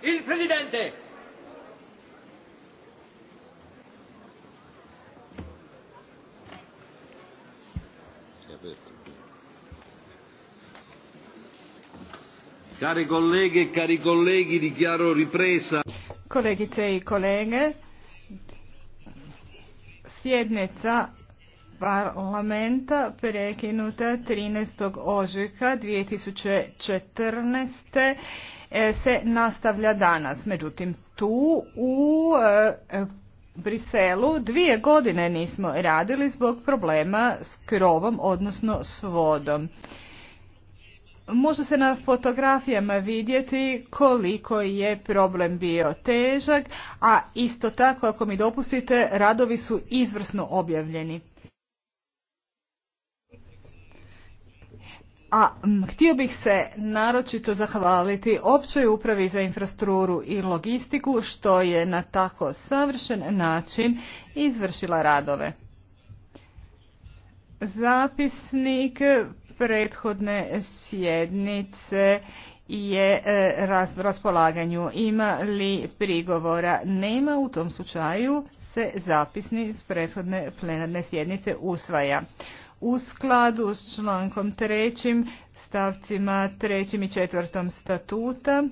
Il Presidente! Cari colleghe e cari colleghi, dichiaro ripresa. Kolegice i kolege, sjednica parlamenta prekinuta 13. ožujka 2014. E, se nastavlja danas. Međutim, tu u e, Briselu dvije godine nismo radili zbog problema s krovom, odnosno s vodom. Može se na fotografijama vidjeti koliko je problem bio težak, a isto tako, ako mi dopustite, radovi su izvrsno objavljeni. A htio bih se naročito zahvaliti općoj upravi za infrastrukturu i logistiku što je na tako savršen način izvršila radove. Zapisnik prethodne sjednice je e, raz, raspolaganju. Ima li prigovora? Nema. U tom slučaju se zapisnik s prethodne plenarne sjednice usvaja u skladu s člankom 3. stavcima 3. i 4. statuta